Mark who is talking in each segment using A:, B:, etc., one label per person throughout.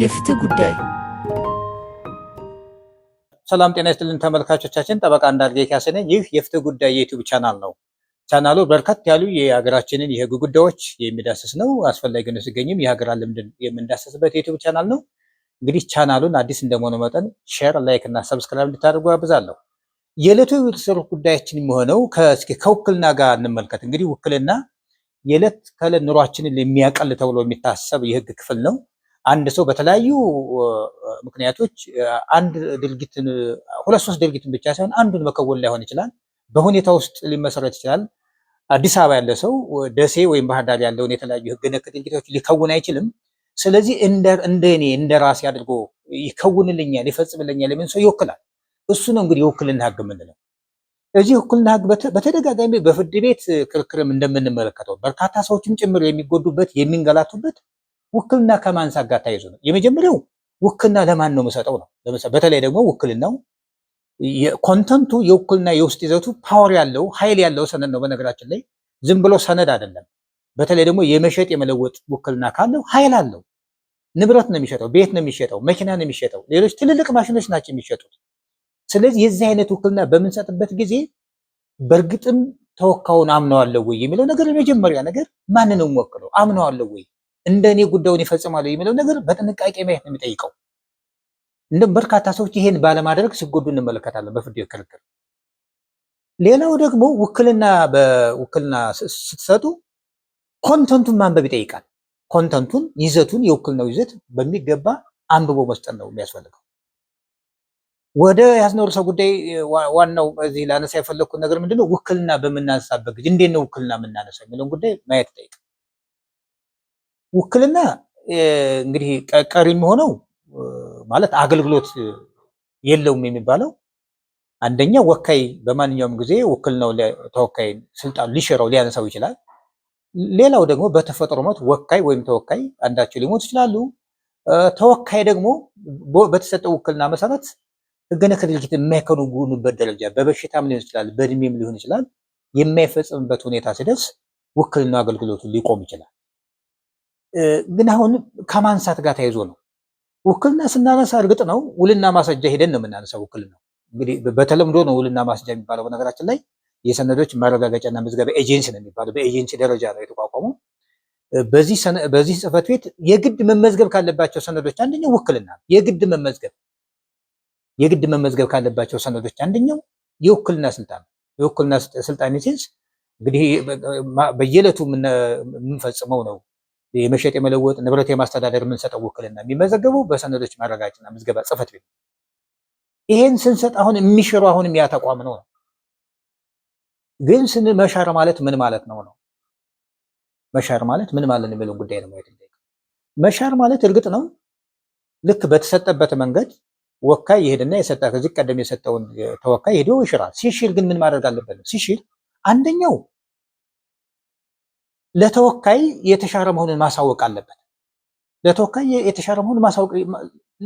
A: የፍትህ ጉዳይ። ሰላም ጤና ይስጥልን ተመልካቾቻችን፣ ጠበቃ አንዳርጌ ካሴ ነኝ። ይህ የፍትህ ጉዳይ የዩቲዩብ ቻናል ነው። ቻናሉ በርከት ያሉ የሀገራችንን የህግ ጉዳዮች የሚዳስስ ነው። አስፈላጊ ነው ሲገኝም የሀገር ልምድን የምንዳሰስበት የዩቲዩብ ቻናል ነው። እንግዲህ ቻናሉን አዲስ እንደመሆኑ መጠን ሼር፣ ላይክ እና ሰብስክራይብ እንድታደርጉ አብዛለሁ። የዕለቱ ስር ጉዳያችን የሚሆነው ከውክልና ጋር እንመልከት። እንግዲህ ውክልና የዕለት ከዕለት ኑሯችንን የሚያቀል ተብሎ የሚታሰብ የህግ ክፍል ነው። አንድ ሰው በተለያዩ ምክንያቶች አንድ ድርጊትን ሁለት ሶስት ድርጊትን ብቻ ሳይሆን አንዱን መከወን ላይሆን ይችላል። በሁኔታ ውስጥ ሊመሰረት ይችላል። አዲስ አበባ ያለ ሰው ደሴ ወይም ባህር ዳር ያለውን የተለያዩ ህገ ነክ ድርጊቶች ሊከውን አይችልም። ስለዚህ እንደ እኔ እንደ ራሴ አድርጎ ይከውንልኛል፣ ይፈጽምልኛል የሚል ሰው ይወክላል። እሱ ነው እንግዲህ የውክልና ህግ የምንለው። እዚህ ውክልና ህግ በተደጋጋሚ በፍርድ ቤት ክርክርም እንደምንመለከተው በርካታ ሰዎችም ጭምር የሚጎዱበት የሚንገላቱበት ውክልና ከማንሳት ጋር ተያይዞ ነው። የመጀመሪያው ውክልና ለማን ነው የምሰጠው ነው። በተለይ ደግሞ ውክልናው ኮንተንቱ የውክልና የውስጥ ይዘቱ ፓወር ያለው ኃይል ያለው ሰነድ ነው። በነገራችን ላይ ዝም ብሎ ሰነድ አይደለም። በተለይ ደግሞ የመሸጥ የመለወጥ ውክልና ካለው ኃይል አለው። ንብረት ነው የሚሸጠው፣ ቤት ነው የሚሸጠው፣ መኪና ነው የሚሸጠው፣ ሌሎች ትልልቅ ማሽኖች ናቸው የሚሸጡት። ስለዚህ የዚህ አይነት ውክልና በምንሰጥበት ጊዜ በእርግጥም ተወካውን አምነዋለሁ ወይ የሚለው ነገር የመጀመሪያ ነገር፣ ማንን ወክለው አምነዋለሁ ወይ? እንደ እኔ ጉዳዩን ይፈጽማሉ የሚለው ነገር በጥንቃቄ ማየት ነው የሚጠይቀው። እንደም በርካታ ሰዎች ይሄን ባለማድረግ ሲጎዱ እንመለከታለን በፍርድ ቤት ክርክር። ሌላው ደግሞ ውክልና በውክልና ስትሰጡ ኮንተንቱን ማንበብ ይጠይቃል። ኮንተንቱን ይዘቱን፣ የውክልናው ይዘት በሚገባ አንብቦ መስጠት ነው የሚያስፈልገው። ወደ ያዝነው ርዕሰ ጉዳይ ዋናው እዚህ ላነሳ የፈለግኩት ነገር ምንድነው፣ ውክልና በምናነሳበት ጊዜ እንዴት ነው ውክልና የምናነሳ የሚለውን ጉዳይ ማየት ይጠይቃል። ውክልና እንግዲህ ቀሪ የሚሆነው ማለት አገልግሎት የለውም የሚባለው አንደኛ ወካይ በማንኛውም ጊዜ ውክልናው ተወካይ ስልጣን ሊሽረው ሊያነሳው ይችላል። ሌላው ደግሞ በተፈጥሮ ሞት ወካይ ወይም ተወካይ አንዳቸው ሊሞት ይችላሉ። ተወካይ ደግሞ በተሰጠው ውክልና መሰረት ህገነ ከድርጅት የማይከናወኑበት ደረጃ በበሽታም ሊሆን ይችላል፣ በእድሜም ሊሆን ይችላል። የማይፈጽምበት ሁኔታ ሲደርስ ውክልና አገልግሎቱ ሊቆም ይችላል። ግን አሁን ከማንሳት ጋር ተያይዞ ነው። ውክልና ስናነሳ እርግጥ ነው ውልና ማስረጃ ሄደን ነው የምናነሳው። ውክልና እንግዲህ በተለምዶ ነው ውልና ማስረጃ የሚባለው። በነገራችን ላይ የሰነዶች ማረጋገጫና ምዝገባ ኤጀንሲ ነው የሚባለው። በኤጀንሲ ደረጃ ነው የተቋቋመው። በዚህ ጽፈት ቤት የግድ መመዝገብ ካለባቸው ሰነዶች አንደኛው ውክልና የግድ መመዝገብ የግድ መመዝገብ ካለባቸው ሰነዶች አንደኛው የውክልና ስልጣን የውክልና ስልጣን ሲንስ እንግዲህ በየዕለቱ የምንፈጽመው ነው የመሸጥ የመለወጥ ንብረት የማስተዳደር የምንሰጠው ውክልና የሚመዘገቡ በሰነዶች ማረጋገጫና ምዝገባ ጽፈት ቤት ይሄን ስንሰጥ አሁን የሚሽሩ አሁን ያ ተቋም ነው። ግን ስን መሻር ማለት ምን ማለት ነው ነው መሻር ማለት ምን ማለት ነው የሚለውን ጉዳይ ነው ማለት መሻር ማለት እርግጥ ነው ልክ በተሰጠበት መንገድ ወካይ ይሄድና የሰጠ ከዚህ ቀደም የሰጠውን ተወካይ ሄዶ ይሽራል። ሲሽል ግን ምን ማድረግ አለበት ነው ሲሽል አንደኛው ለተወካይ የተሻረ መሆኑን ማሳወቅ አለበት። ለተወካይ የተሻረ መሆኑን ማሳወቅ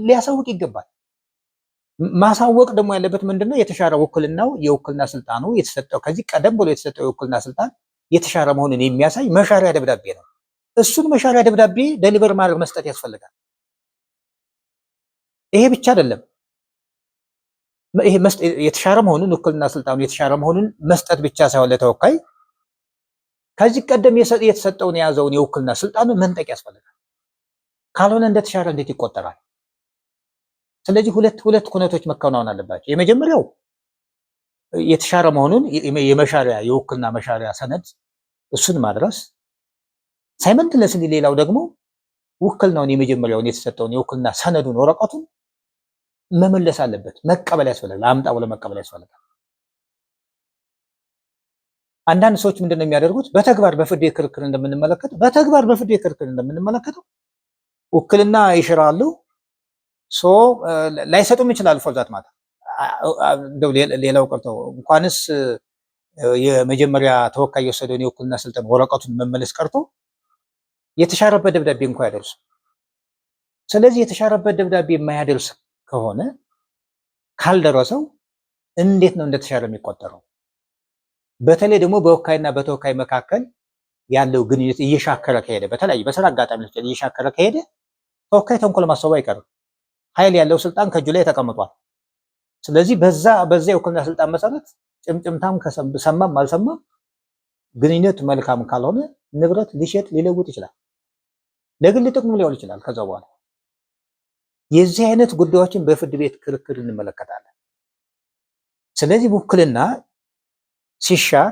A: ሊያሳውቅ ይገባል። ማሳወቅ ደግሞ ያለበት ምንድነው? የተሻረ ውክልናው የውክልና ስልጣኑ የተሰጠው ከዚህ ቀደም ብሎ የተሰጠው የውክልና ስልጣን የተሻረ መሆኑን የሚያሳይ መሻሪያ ደብዳቤ ነው። እሱን መሻሪያ ደብዳቤ ደሊቨር ማድረግ መስጠት ያስፈልጋል። ይሄ ብቻ አይደለም። ይሄ የተሻረ መሆኑን ውክልና ስልጣኑ የተሻረ መሆኑን መስጠት ብቻ ሳይሆን ለተወካይ ከዚህ ቀደም የተሰጠውን የያዘውን የውክልና ስልጣኑ መንጠቅ ያስፈልጋል። ካልሆነ እንደተሻረ እንዴት ይቆጠራል? ስለዚህ ሁለት ሁለት ኩነቶች መከናወን አለባቸው። የመጀመሪያው የተሻረ መሆኑን የመሻሪያ የውክልና መሻሪያ ሰነድ እሱን ማድረስ ሳይመንትለስ፣ ሌላው ደግሞ ውክልናውን የመጀመሪያውን የተሰጠውን የውክልና ሰነዱን ወረቀቱን መመለስ አለበት። መቀበል ያስፈልጋል። አምጣ ብሎ መቀበል ያስፈልጋል። አንዳንድ ሰዎች ምንድነው የሚያደርጉት? በተግባር በፍርድ ክርክር እንደምንመለከተው በተግባር በፍርድ ክርክር እንደምንመለከተው ውክልና ይሽራሉ። ላይሰጡም ይችላል። ፎርዛት ማታ ሌላው ቀርተው እንኳንስ የመጀመሪያ ተወካይ የወሰደውን የውክልና ስልጠን ወረቀቱን መመለስ ቀርቶ የተሻረበት ደብዳቤ እንኳ ያደርሱ። ስለዚህ የተሻረበት ደብዳቤ የማያደርስ ከሆነ ካልደረሰው እንዴት ነው እንደተሻረ የሚቆጠረው? በተለይ ደግሞ በወካይና በተወካይ መካከል ያለው ግንኙነት እየሻከረ ከሄደ በተለያዩ በስራ አጋጣሚ እየሻከረ ከሄደ ተወካይ ተንኮል ማሰቡ አይቀርም። ኃይል ያለው ስልጣን ከእጁ ላይ ተቀምጧል። ስለዚህ በዛ በዛ የውክልና ስልጣን መሰረት ጭምጭምታም ሰማም አልሰማም ግንኙነት መልካም ካልሆነ ንብረት ሊሸጥ ሊለውጥ ይችላል። ለግል ጥቅሙ ሊሆን ይችላል። ከዛ በኋላ የዚህ አይነት ጉዳዮችን በፍርድ ቤት ክርክር እንመለከታለን። ስለዚህ ውክልና ሲሻር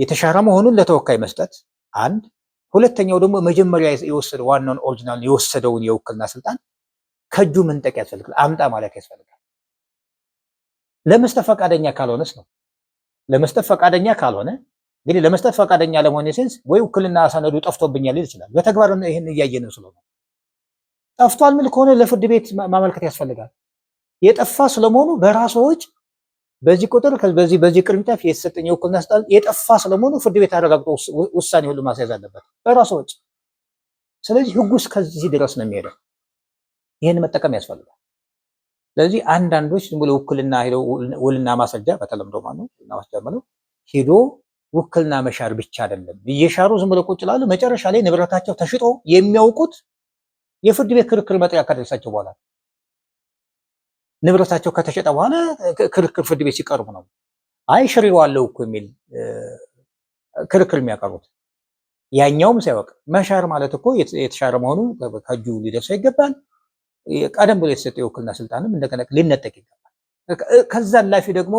A: የተሻረ መሆኑን ለተወካይ መስጠት አንድ፣ ሁለተኛው ደግሞ መጀመሪያ የወሰደ ዋናውን ኦሪጂናል የወሰደውን የውክልና ስልጣን ከእጁ መንጠቅ ያስፈልጋል፣ አምጣ ማለት ያስፈልጋል። ለመስጠት ፈቃደኛ ካልሆነስ ነው። ለመስጠት ፈቃደኛ ካልሆነ እንግዲህ ለመስጠት ፈቃደኛ ለመሆን ሴንስ ወይ ውክልና ሰነዱ ጠፍቶብኛል ሊል ይችላል። በተግባር ይህን እያየን ስለሆነ ጠፍቷል ምል ከሆነ ለፍርድ ቤት ማመልከት ያስፈልጋል። የጠፋ ስለመሆኑ በራስዎ በዚህ ቁጥር በዚህ በዚህ ቅርንጫፍ የተሰጠኝ የውክልና ስልጣን የጠፋ ስለመሆኑ ፍርድ ቤት አረጋግጦ ውሳኔ ሁሉ ማስያዝ አለበት በራሱ ወጪ። ስለዚህ ህጉ እስከዚህ ድረስ ነው የሚሄደው። ይህን መጠቀም ያስፈልጋል። ስለዚህ አንዳንዶች ዝም ብሎ ውክልና ሄደው ውልና ማስረጃ በተለምዶ ማለት ውልና ማስረጃ ሄዶ ውክልና መሻር ብቻ አይደለም እየሻሩ ዝም ብሎ ቁጭ ላሉ መጨረሻ ላይ ንብረታቸው ተሽጦ የሚያውቁት የፍርድ ቤት ክርክር መጥሪያ ካደረሳቸው በኋላ ንብረታቸው ከተሸጠ በኋላ ክርክር ፍርድ ቤት ሲቀርቡ ነው። አይ አለው እኮ የሚል ክርክር የሚያቀርቡት ያኛውም ሳያወቅ መሻር ማለት እኮ የተሻረ መሆኑ ከእጁ ሊደርሰው ይገባል። ቀደም ብሎ የተሰጠ የውክልና ስልጣንም እንደገና ሊነጠቅ ይገባል። ከዛ ላፊ ደግሞ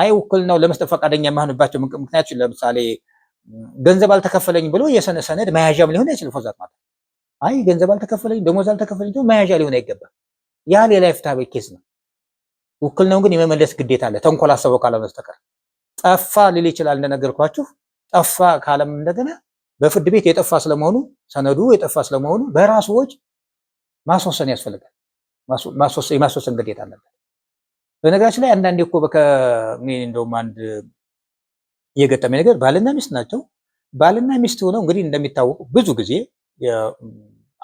A: አይ ውክልናው ለመስጠት ፈቃደኛ የማሆንባቸው ምክንያቶች ለምሳሌ ገንዘብ አልተከፈለኝ ብሎ የሰነ ሰነድ መያዣም ሊሆን አይችልም። ፎዛት ማለት አይ ገንዘብ አልተከፈለኝ ደሞዝ አልተከፈለኝ መያዣ ሊሆን አይገባም። ያ ሌላ የፍትሐ ኬስ ነው። ውክልናውን ግን የመመለስ ግዴታ አለ፣ ተንኮል አሰበው ካለ ጠፋ ሊል ይችላል። እንደነገርኳችሁ ጠፋ ካለም እንደገና በፍርድ ቤት የጠፋ ስለመሆኑ ሰነዱ የጠፋ ስለመሆኑ በራሱ ወጪ ማስወሰን ያስፈልጋል። የማስወሰን ግዴታ አለበት። በነገራችን ላይ አንዳንዴ እኮ እንደውም አንድ የገጠመኝ ነገር ባልና ሚስት ናቸው። ባልና ሚስት ሆነው እንግዲህ እንደሚታወቁ ብዙ ጊዜ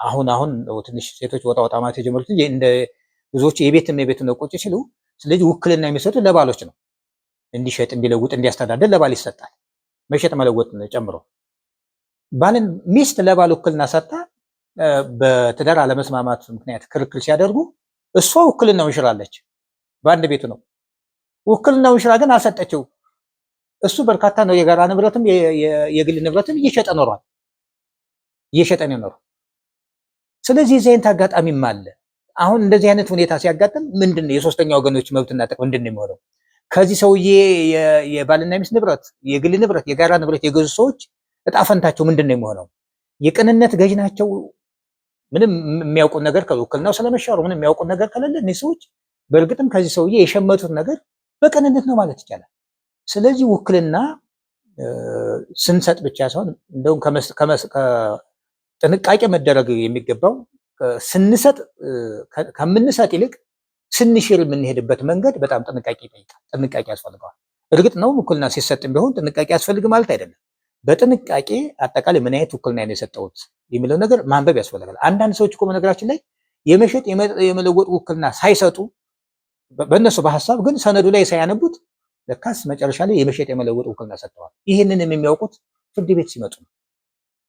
A: አሁን አሁን ትንሽ ሴቶች ወጣ ወጣ ማለት የጀመሩት እንደ ብዙዎቹ የቤትና የቤት ነው ቁጭ ሲሉ ስለዚህ ውክልና የሚሰጡት ለባሎች ነው። እንዲሸጥ፣ እንዲለውጥ፣ እንዲያስተዳደር ለባል ይሰጣል። መሸጥ መለወጥ ጨምሮ ባልን ሚስት ለባል ውክልና ሰጥታ በትዳር አለመስማማት ምክንያት ክርክር ሲያደርጉ እሷ ውክልናው ይሽራለች። በአንድ ቤቱ ነው ውክልናው ይሽራ፣ ግን አልሰጠችው። እሱ በርካታ ነው። የጋራ ንብረትም የግል ንብረትም እየሸጠ ኖሯል፣ እየሸጠ ነው ኖሯል። ስለዚህ ዘይንት አጋጣሚም አለ። አሁን እንደዚህ አይነት ሁኔታ ሲያጋጥም ምንድን ነው የሶስተኛ ወገኖች መብትና ጥቅም ምንድን ነው የሚሆነው? ከዚህ ሰውዬ የባልና ሚስት ንብረት፣ የግል ንብረት፣ የጋራ ንብረት የገዙ ሰዎች እጣ ፈንታቸው ምንድን ነው የሚሆነው? የቅንነት ገዥ ናቸው? ምንም የሚያውቁት ነገር ከውክልናው ስለመሻሩ ምንም የሚያውቁት ነገር ከሌለ እኒህ ሰዎች በእርግጥም ከዚህ ሰውዬ የሸመቱት ነገር በቅንነት ነው ማለት ይቻላል። ስለዚህ ውክልና ስንሰጥ ብቻ ሳይሆን እንደውም ጥንቃቄ መደረግ የሚገባው ስንሰጥ ከምንሰጥ ይልቅ ስንሽር የምንሄድበት መንገድ በጣም ጥንቃቄ ይጠይቃል፣ ጥንቃቄ ያስፈልገዋል። እርግጥ ነው ውክልና ሲሰጥም ቢሆን ጥንቃቄ ያስፈልግ ማለት አይደለም። በጥንቃቄ አጠቃላይ ምን አይነት ውክልና ነው የሰጠሁት የሚለው ነገር ማንበብ ያስፈልጋል። አንዳንድ ሰዎች እኮ በነገራችን ላይ የመሸጥ የመለወጥ ውክልና ሳይሰጡ በእነሱ በሀሳብ ግን ሰነዱ ላይ ሳያነቡት ለካስ መጨረሻ ላይ የመሸጥ የመለወጥ ውክልና ሰጥተዋል። ይህንንም የሚያውቁት ፍርድ ቤት ሲመጡ ነው።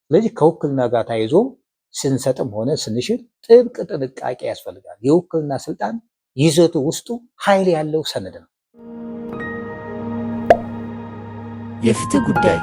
A: ስለዚህ ከውክልና ጋር ተያይዞ ስንሰጥም ሆነ ስንሽር ጥብቅ ጥንቃቄ ያስፈልጋል። የውክልና ስልጣን ይዘቱ ውስጡ ኃይል ያለው ሰነድ ነው። የፍትህ ጉዳይ